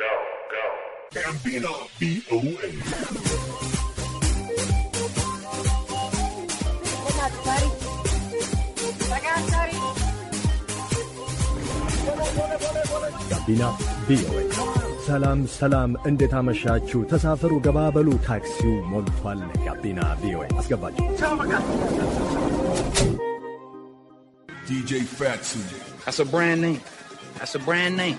ጋቢና ቪኦኤ ጋቢና ቪኦኤ። ሰላም ሰላም፣ እንዴት አመሻችሁ? ተሳፈሩ፣ ገባበሉ፣ ታክሲው ሞልቷል። ጋቢና ቪኦኤ አስገባችሁ። That's a brand name. That's a brand name.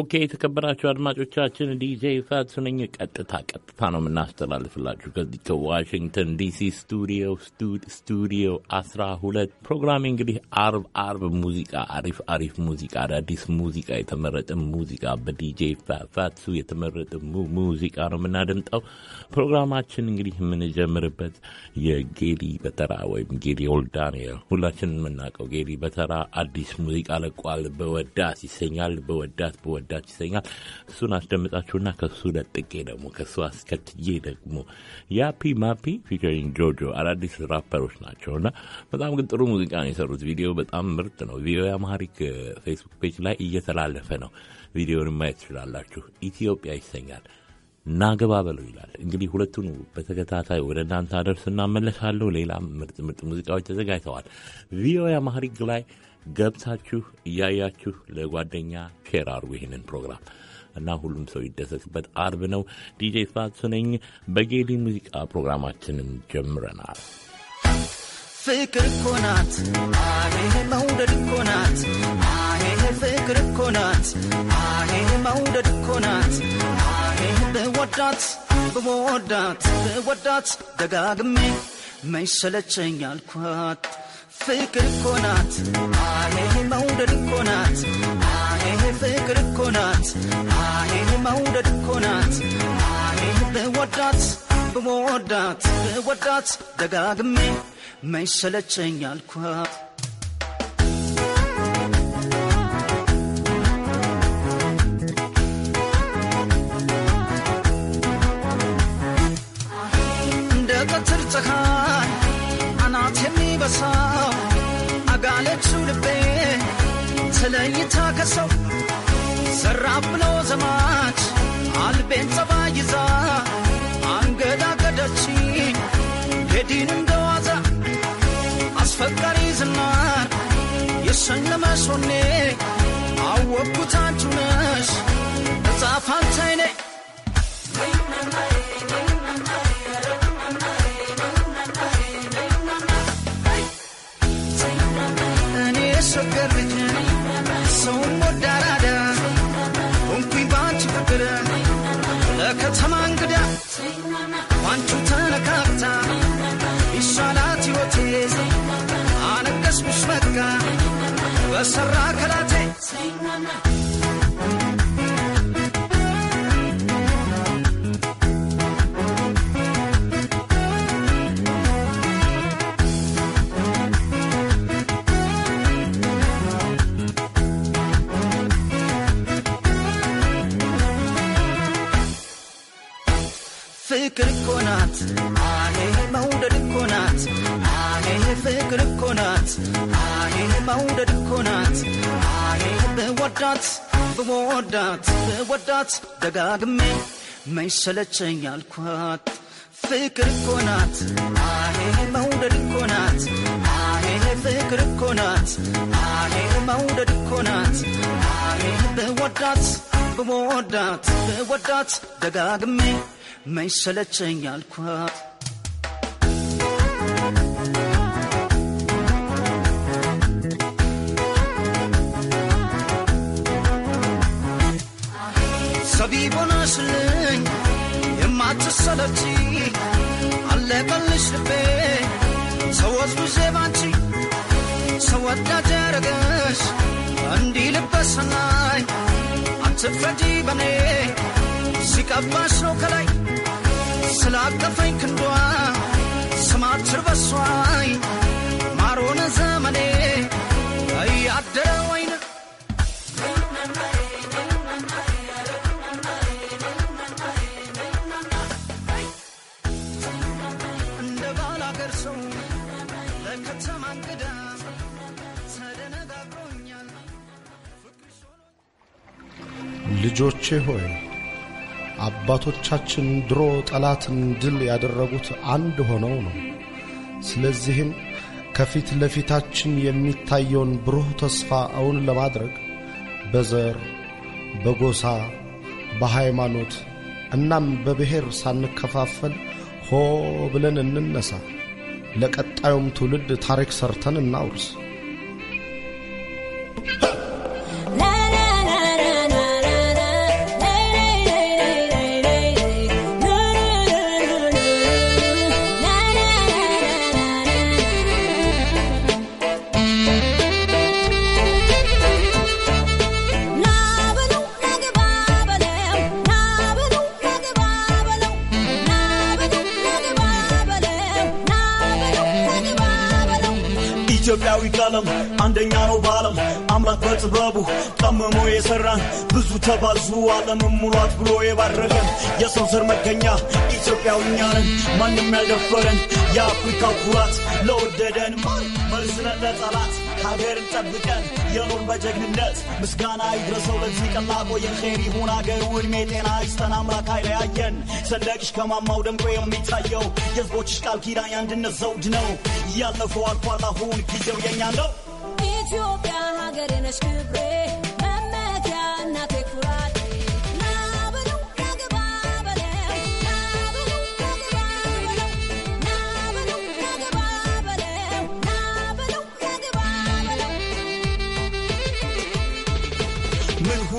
ኦኬ፣ የተከበራችሁ አድማጮቻችን ዲጄ ፋት ነኝ። ቀጥታ ቀጥታ ነው የምናስተላልፍላችሁ ከዚህ ከዋሽንግተን ዲሲ ስቱዲዮ ስቱዲዮ አስራ ሁለት ፕሮግራሜ እንግዲህ አርብ አርብ ሙዚቃ አሪፍ አሪፍ ሙዚቃ አዳዲስ ሙዚቃ የተመረጠ ሙዚቃ በዲጄ ፋትሱ የተመረጠ ሙዚቃ ነው የምናደምጠው። ፕሮግራማችን እንግዲህ የምንጀምርበት የጌዲ በተራ ወይም ጌዲ ኦልዳንኤል ሁላችን የምናውቀው ጌዲ በተራ አዲስ ሙዚቃ ለቋል። በወዳት ይሰኛል። በወዳት በወዳት የተረዳች ይሰኛል። እሱን አስደምጣችሁና ከሱ ለጥቄ ደግሞ ከሱ አስከትዬ ደግሞ ያፒ ማፒ ፊቸሪንግ ጆጆ አዳዲስ ራፐሮች ናቸው እና በጣም ግን ጥሩ ሙዚቃ ነው የሰሩት። ቪዲዮ በጣም ምርጥ ነው። ቪዲዮ አማሪክ ፌስቡክ ፔጅ ላይ እየተላለፈ ነው። ቪዲዮን ማየት ትችላላችሁ። ኢትዮጵያ ይሰኛል። ናገባ በለው ይላል። እንግዲህ ሁለቱን በተከታታይ ወደ እናንተ አደርስ እናመለሳለሁ። ሌላም ምርጥ ምርጥ ሙዚቃዎች ተዘጋጅተዋል። ቪኦኤ አማሪክ ላይ ገብታችሁ እያያችሁ ለጓደኛ ሼር አድርጉ ይህንን ፕሮግራም እና ሁሉም ሰው ይደሰትበት። አርብ ነው። ዲጄ ፋሱ ነኝ። በጌሊ ሙዚቃ ፕሮግራማችንን ጀምረናል። ፍቅር እኮ ናት አሄ መውደድ እኮ ናት አሄ ፍቅር እኮ ናት አሄ መውደድ እኮ ናት አሄ በወዳት በወዳት በወዳት ደጋግሜ መይሰለቸኝ አልኳት ፍቅር እኮ ናት አሄሄ መውደድ እኮ ናት አሄሄ ፍቅር እኮ ናት አሄሄ መውደድ እኮ ናት አሄሄ በወዳት በወዳት ብወዳት ደጋግሜ መይሰለቸኝ አልኳት እንደ ቀትር ፀሐይ በሳው አጋለች ልቤ ተለይታ ከሰው ሰራ ብሎ ዘማች አልቤን ጸባ ይዛ አንገዳገደች የዲን እንደዋዛ አስፈቃሪ ዝናር የሸለመሽ ሆኔ አወቅኩት ለከተማ እንግዳ ዋንቹ ተነካክታ ይሻላት ይወቴ አነገስኩሽ በቃ በሰራ ከላቴ ናት አሄሄ መውደድ እኮ ናት አሄሄ ፍቅር እኮ ናት አሄሄ መውደድ እኮ ናት አሄሄ ብወዳት ብወዳት ብወዳት ደጋግሜ መይሰለቸኝ አልኳት ፍቅር እኮ ናት አሄሄ መውደድ እኮ ናት አሄሄ ፍቅር እኮ ናት አሄሄ መውደድ እኮ ናት አሄሄ ብወዳት ብወዳት ብወዳት ደጋግሜ መይሰለቸኝ አልኳት ሰቢቦናስልኝ የማትሰለች አለቀልሽ ልቤ ሰዎች ሰወዳጅ እንዲህ አትፍረጂ በኔ ሲቀባሽ ነው ከላይ ስላቀፈኝ ክንዷ ስማችር በሷይ ማሮነ ዘመኔ እያደረ ወይነ እንደ ባል አገር ሰው ለከተማ እንግዳ ልጆቼ ሆይ አባቶቻችን ድሮ ጠላትን ድል ያደረጉት አንድ ሆነው ነው። ስለዚህም ከፊት ለፊታችን የሚታየውን ብሩህ ተስፋ እውን ለማድረግ በዘር፣ በጎሳ፣ በሃይማኖት እናም በብሔር ሳንከፋፈል ሆ ብለን እንነሳ። ለቀጣዩም ትውልድ ታሪክ ሰርተን እናውርስ። ኢትዮጵያዊ ቀለም አንደኛ ነው በዓለም አምላክ በጥበቡ ጠምሞ የሰራን ብዙ ተባዙ ዓለምን ሙሏት ብሎ የባረገን የሰው ዘር መገኛ ኢትዮጵያውያንን ማንም ያልደፈረን የአፍሪካ ኩራት ለወደደን ማን መርስነን ለጠላት ሀገርን ጠብቀን የኖር በጀግንነት ምስጋና ይድረሰው ለዚህ ቀላቆ ላቆየን ይሁን አገሩ ዕድሜ ጤና ይስጠን አምላክ አይለያየን። ሰንደቅሽ ከማማው ደምቆ የሚታየው የህዝቦችሽ ቃል ኪዳን የአንድነት ዘውድ ነው። እያለፈው አልፏል፣ አሁን ጊዜው የኛ ነው። ኢትዮጵያ ሀገሬ ነሽ ክብሬ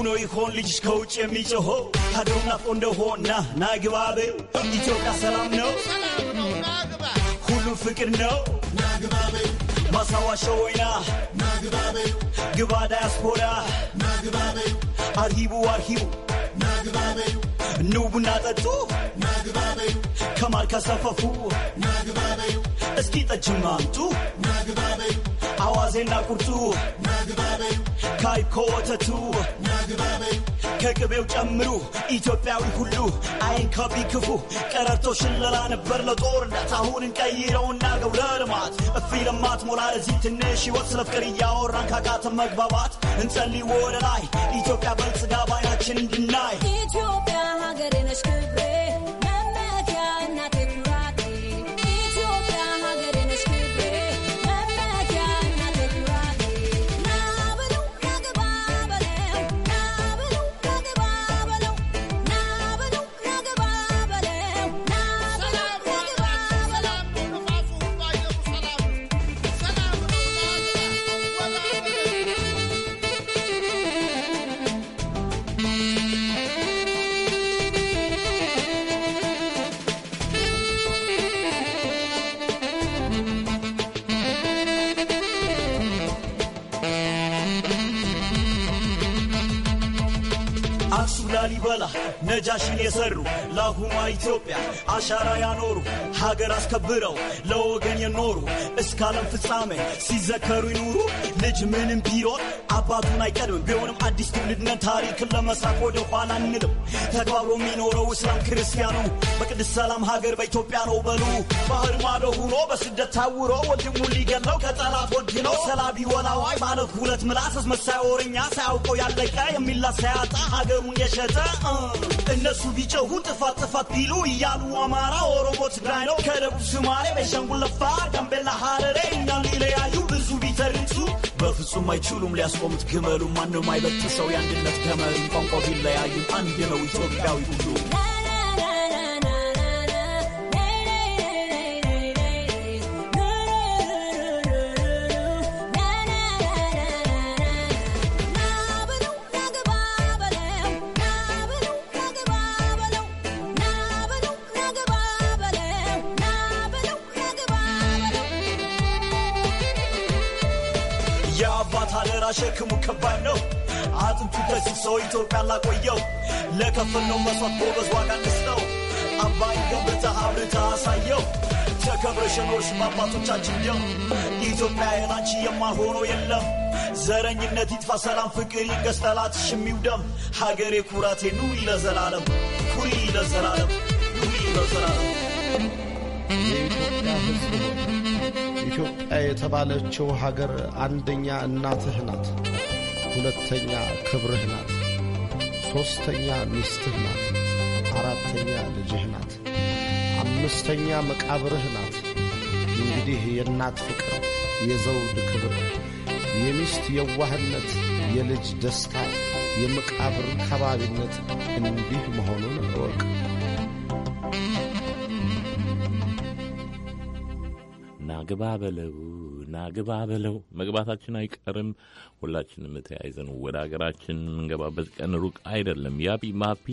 ነው ይሆን ልጅሽ ከውጭ የሚጮሆ ታዲያው ናፍቆ ሆና ናግባቤ ኢትዮጵያ ሰላም ነው ሁሉ ፍቅር ነው ናግባቤ ማሳዋሸ ወይና ናግባቤ ግባ ዳያስፖራ ናግባቤ አርሂቡ አርሂቡ ናግባቤ ኑ ቡና ጠጡ ከማር ከሰፈፉ እስኪ ጠጅማ አምጡ አዋዜና ቁርጡ ካይኮወተቱ ወተቱ ከቅቤው ጨምሩ ኢትዮጵያዊ ሁሉ አይን ከቢ ክፉ ቀረርቶ ሽለላ ነበር ለጦርነት አሁን እንቀይረው እናገው ለልማት እፊ ለማት ሞላ ለዚህ ትንሽ ይወት ስለ ፍቅር እያወራን ካቃተ መግባባት እንጸልይ ወደ ላይ ኢትዮጵያ በልጽጋ ባይናችን እንድናይ is good. ነጃሽን የሰሩ ለአሁኗ ኢትዮጵያ አሻራ ያኖሩ ሀገር አስከብረው ለወገን የኖሩ እስከ ዓለም ፍጻሜ ሲዘከሩ ይኑሩ። ልጅ ምንም ቢሮጥ አባቱን አይቀድምም። ቢሆንም አዲስ ትውልድ ነን። ታሪክን ለመሳቅ ወደ ኋላ አንልም። ተከባብሮ የሚኖረው እስላም ክርስቲያኑ በቅድስት ሰላም ሀገር በኢትዮጵያ ነው በሉ። ባህር ማዶ ሁኖ በስደት ታውሮ ወንድሙ ሊገለው ከጠላት ነው ሰላቢ ወላዋይ ማለት ሁለት ምላስ አስመሳይ ወረኛ ሳያውቀው ያለቀ የሚላ ሳያጣ ሀገሩን የሸጠ እነሱ ቢጨሁ ጥፋት ጥፋት ቢሉ እያሉ አማራ፣ ኦሮሞ፣ ትግራይ ነው ከደቡብ ሶማሌ፣ ቤንሻንጉል አፋር፣ ጋምቤላ፣ ሀረሬ እኛን ሊለያዩ ብዙ ቢተርንሱ በፍጹም አይችሉም ሊያስቆሙት ግመሉ። ማንም አይበጥሰው የአንድነት ገመሉ። ቋንቋ ቢለያዩ አንድ ነው ኢትዮጵያዊ ሁሉ ከባድ ነው። አጥንቱ ከሲሶ ኢትዮጵያ ላቆየው ለከፈልነው መስዋዕት ጎበዝ ዋጋ እንስጠው። አባይ ገብተ አብርተ አሳየው ተከብረሽ ኖርሽ በአባቶቻችን ደም ኢትዮጵያ የላንቺ የማልሆነው የለም። ዘረኝነት ይጥፋ፣ ሰላም ፍቅር ይንገስ፣ ጠላትሽ የሚውደም። ሀገሬ ኩራቴ፣ ኑ ለዘላለም፣ ኩሪ ለዘላለም፣ ኑሪ ለዘላለም። ኢትዮጵያ የተባለችው ሀገር አንደኛ እናትህ ናት። ሁለተኛ ክብርህ ናት። ሦስተኛ ሚስትህ ናት። አራተኛ ልጅህ ናት። አምስተኛ መቃብርህ ናት። እንግዲህ የእናት ፍቅር፣ የዘውድ ክብር፣ የሚስት የዋህነት፣ የልጅ ደስታ፣ የመቃብር ከባቢነት እንዲህ መሆኑን እወቅ። ናግባ በለው ና ግባ በለው መግባታችን አይቀርም። ሁላችንም ተያይዘን ወደ ሀገራችን የምንገባበት ቀን ሩቅ አይደለም። ያቢ ማፒ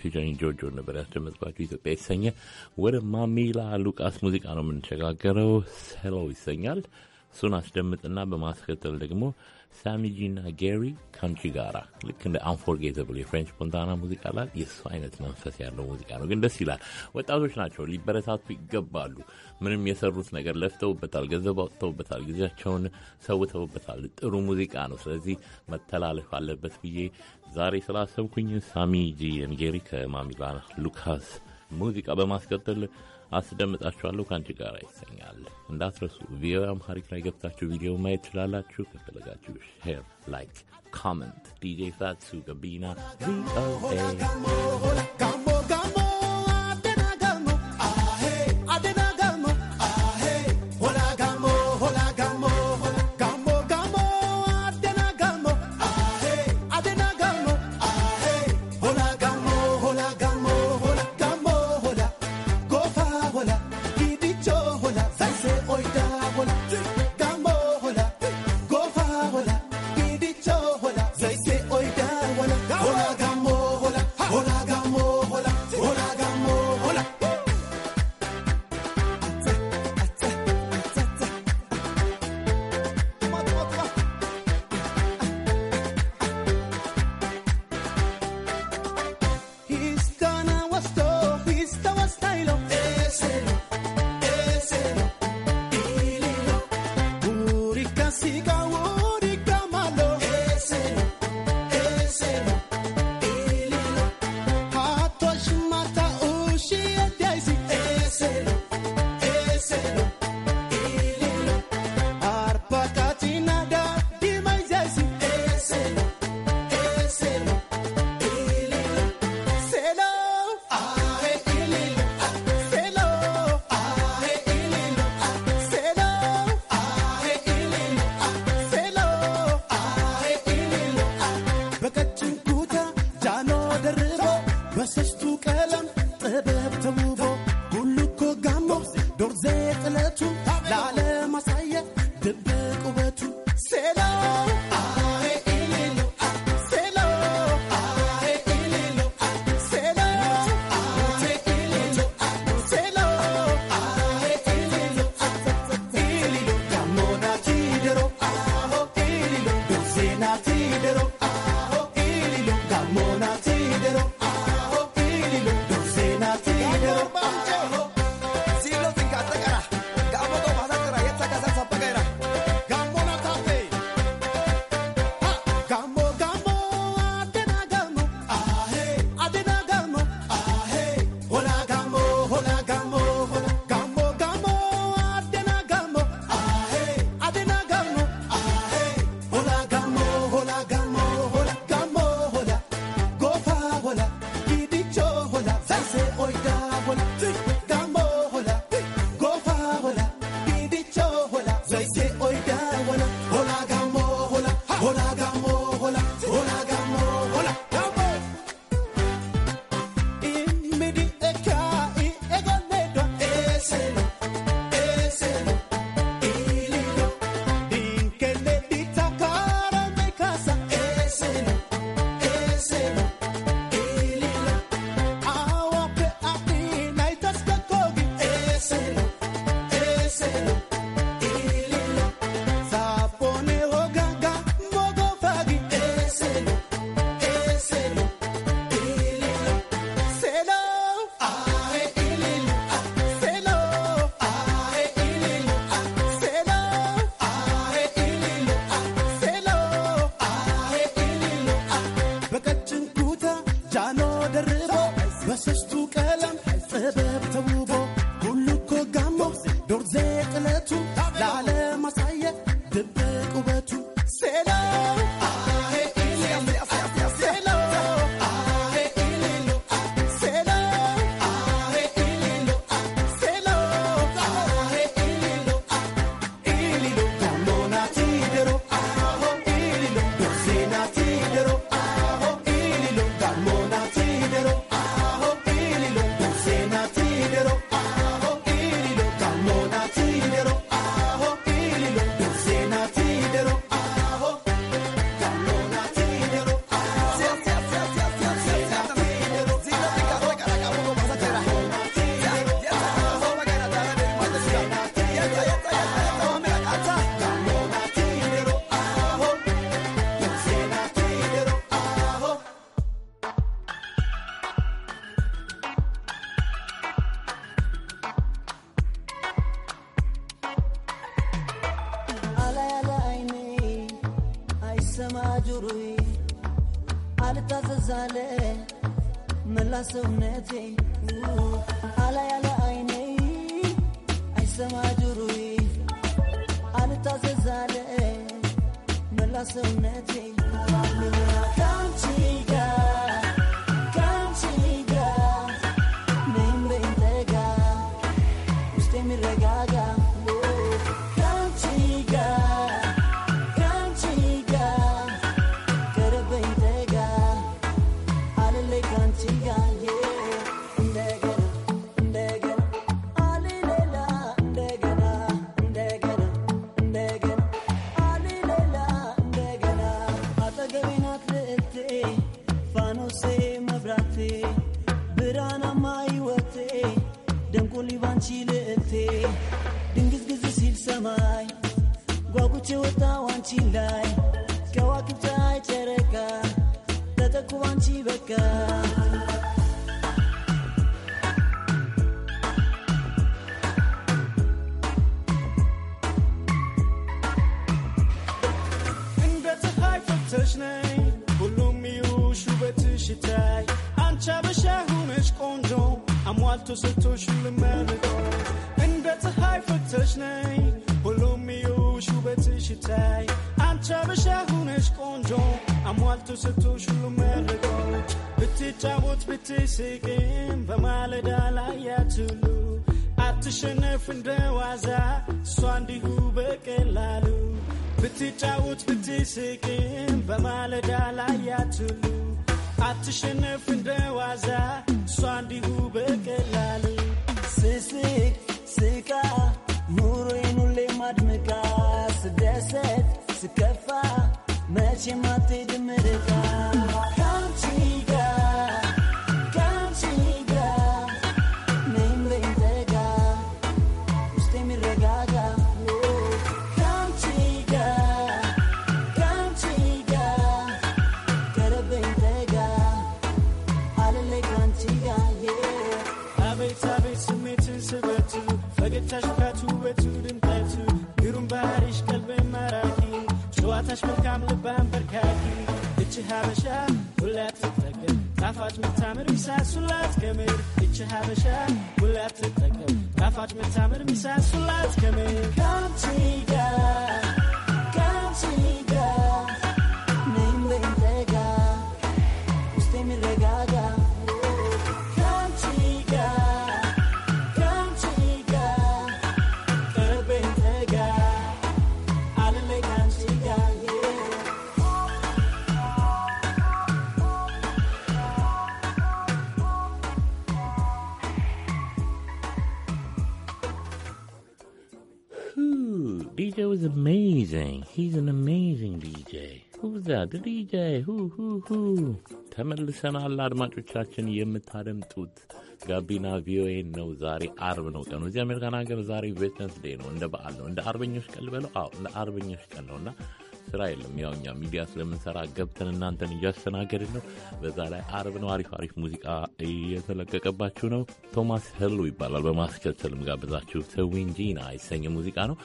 ፊቸሪንግ ጆርጆ ነበር ያስደመጥኳቸው ኢትዮጵያ የተሰኘ ወደ ማሚላ ሉቃስ ሙዚቃ ነው የምንሸጋገረው። ሰለው ይሰኛል። እሱን አስደምጥና በማስከተል ደግሞ ሳሚጂና ጌሪ ካንቺ ጋራ ልክ እንደ አንፎርጌተብል የፍሬንች ፖንታና ሙዚቃ ላል የእሱ አይነት መንፈስ ያለው ሙዚቃ ነው። ግን ደስ ይላል። ወጣቶች ናቸው፣ ሊበረታቱ ይገባሉ። ምንም የሰሩት ነገር ለፍተውበታል፣ ገንዘብ አውጥተውበታል፣ ጊዜያቸውን ሰውተውበታል። ጥሩ ሙዚቃ ነው። ስለዚህ መተላለፍ አለበት ብዬ ዛሬ ስላሰብኩኝ ሳሚጂ ጌሪ ከማሚላ ሉካስ ሙዚቃ በማስከተል አስደምጣችኋለሁ ከአንቺ ጋር ይሰኛል። እንዳትረሱ ቪኦኤ አምሃሪክ ላይ ገብታችሁ ቪዲዮ ማየት ትችላላችሁ። ከፈለጋችሁ ሼር፣ ላይክ፣ ኮመንት ዲጄ ፋቱ ጋቢና ቪኦኤ ሰውነቴ ሞገስሽ ነኝ ሁሉም ይዩሽ ውበትሽ ይታይ አንቺ አበሻ ሁነሽ ቆንጆ አሟልቶ ሰጥቶሽ ልመርጦ እንደ ፀሐይ ፈክተሽ ነኝ ሁሉም ይዩሽ ውበትሽ ይታይ አንቺ አበሻ ሁነሽ ቆንጆ አሟልቶ ሰጥቶሽ ልመርጦ ብትጫወት ብትስቅም በማለዳ ላይ ያትሉ አትሸነፍ እንደ ዋዛ እሷ እንዲሁ በቀላሉ ብትጫወት ብትስቅም በማለዳ ላይ ያትሉ አትሸነፍ ዋዛ እሷ እንዲሁ በቀላሉ ስስቅ ስቃ ኑሮዬን ሁሌ ማድምቃ ስደሰት ስከፋ መቼ ማቴ ድምርቃ DJ was amazing. He's an amazing DJ. Who's that? The DJ. Who, who, who? ተመልሰናል አድማጮቻችን፣ የምታደምጡት ጋቢና ቪኦኤ ነው። ዛሬ አርብ ነው ቀኑ እዚህ አሜሪካን ሀገር ዛሬ ቬተንስ ዴይ ነው። እንደ በዓል ነው። እንደ አርበኞች ቀን ልበለው? አዎ እንደ አርበኞች ቀን ነው እና ስራ የለም። ያው እኛ ሚዲያ ስለምንሰራ ገብተን እናንተን እያስተናገድን ነው። በዛ ላይ አርብ ነው። አሪፍ አሪፍ ሙዚቃ እየተለቀቀባችሁ ነው። ቶማስ ህሉ ይባላል። በማስከተልም ጋብዛችሁ ተዊንጂና የተሰኘ ሙዚቃ ነው።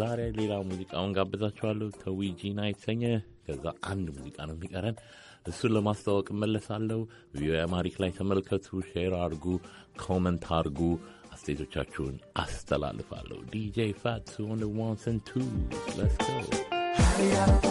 ዛሬ ሌላ ሙዚቃውን ጋብዛችኋለሁ። ተዊጂና የተሰኘ ከዛ አንድ ሙዚቃ ነው የሚቀረን እሱን ለማስተዋወቅ እመለሳለሁ። ቪኦኤ አማሪክ ላይ ተመልከቱ፣ ሼር አርጉ፣ ኮመንት አርጉ፣ አስተያየቶቻችሁን አስተላልፋለሁ። ዲጄ ፋትስ ኦን ቱ ለትስ ጎ yeah.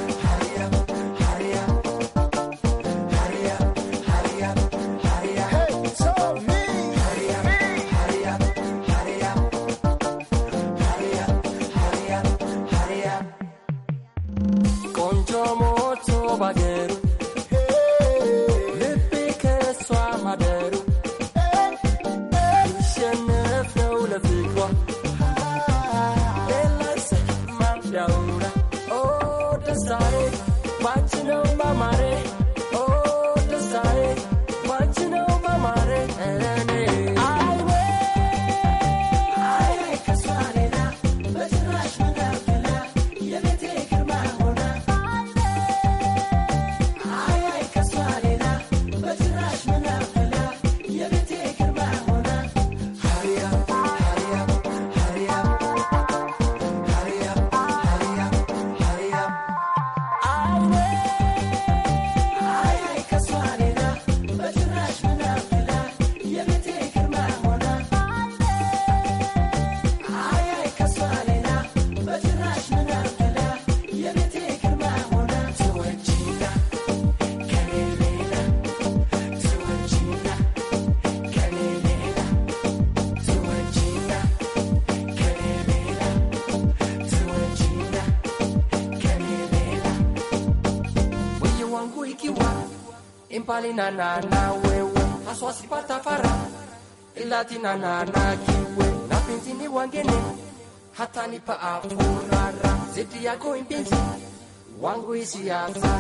inainana na wewe haswa sipata fara ila tinana na kiwe na penzi ni wangene hata nipa afurara zidi yako impenzi wangu isiasa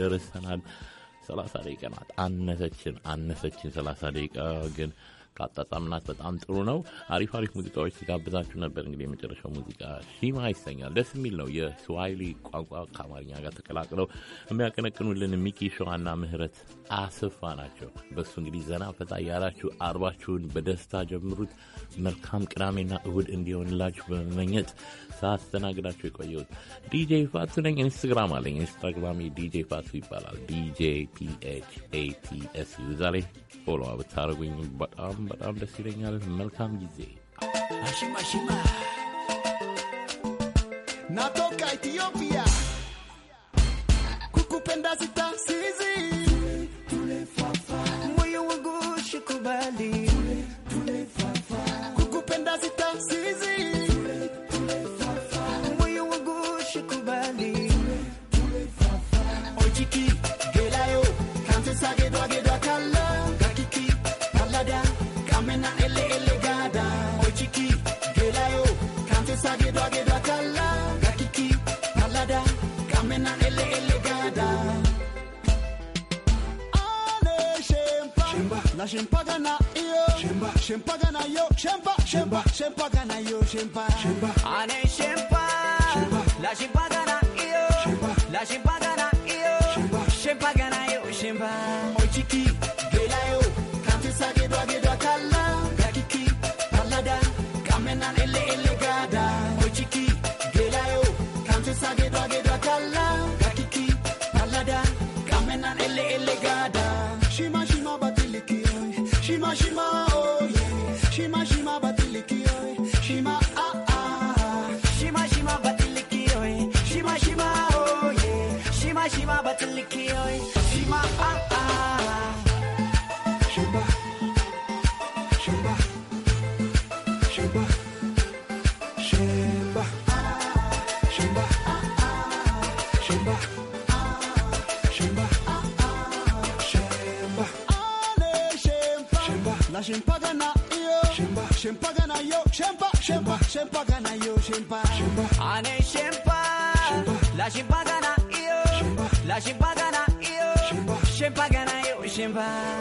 ደርሰናል። ሰላሳ ደቂቃ ናት። አነሰችን አነሰችን ሰላሳ ደቂቃ ግን ካጣጣምናት በጣም ጥሩ ነው። አሪፍ አሪፍ ሙዚቃዎች ስጋብዛችሁ ነበር። እንግዲህ የመጨረሻው ሙዚቃ ሺማ ይሰኛል። ደስ የሚል ነው። የስዋይሊ ቋንቋ ከአማርኛ ጋር ተቀላቅለው የሚያቀነቅኑልን ሚኪ ሸዋና ምህረት አስፋ ናቸው። በሱ እንግዲህ ዘና ፈታ ያላችሁ አርባችሁን በደስታ ጀምሩት። መልካም ቅዳሜና እሁድ እንዲሆንላችሁ በመመኘት ሳስተናግዳችሁ የቆየሁት ዲጄ ፋቱ ነኝ። ኢንስታግራም አለኝ። ኢንስታግራም ዲጄ ፋቱ ይባላል። ዲጄ ፒኤችኤቲኤስ ዩዛ ላይ ፎሎ ብታደርጉኝ በጣም በጣም ደስ ይለኛል። መልካም ጊዜ። አሽማሽማ natoka Ethiopia kukupenda sita sizi moyo wangu shikubali Je Shimpa, ane shimpa, la shimpa gana yo, la shimpa gana yo, shimpa gana yo, shimpa.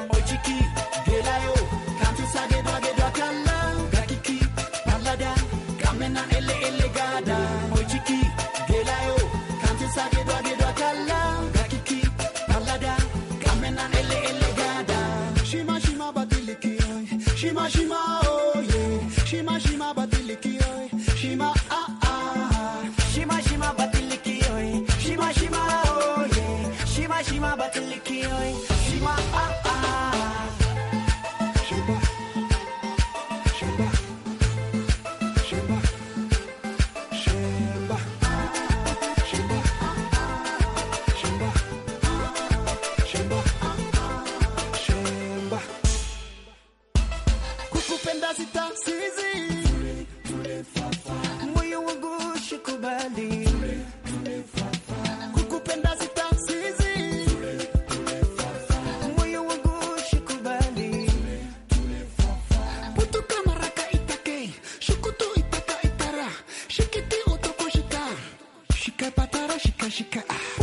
Because you got.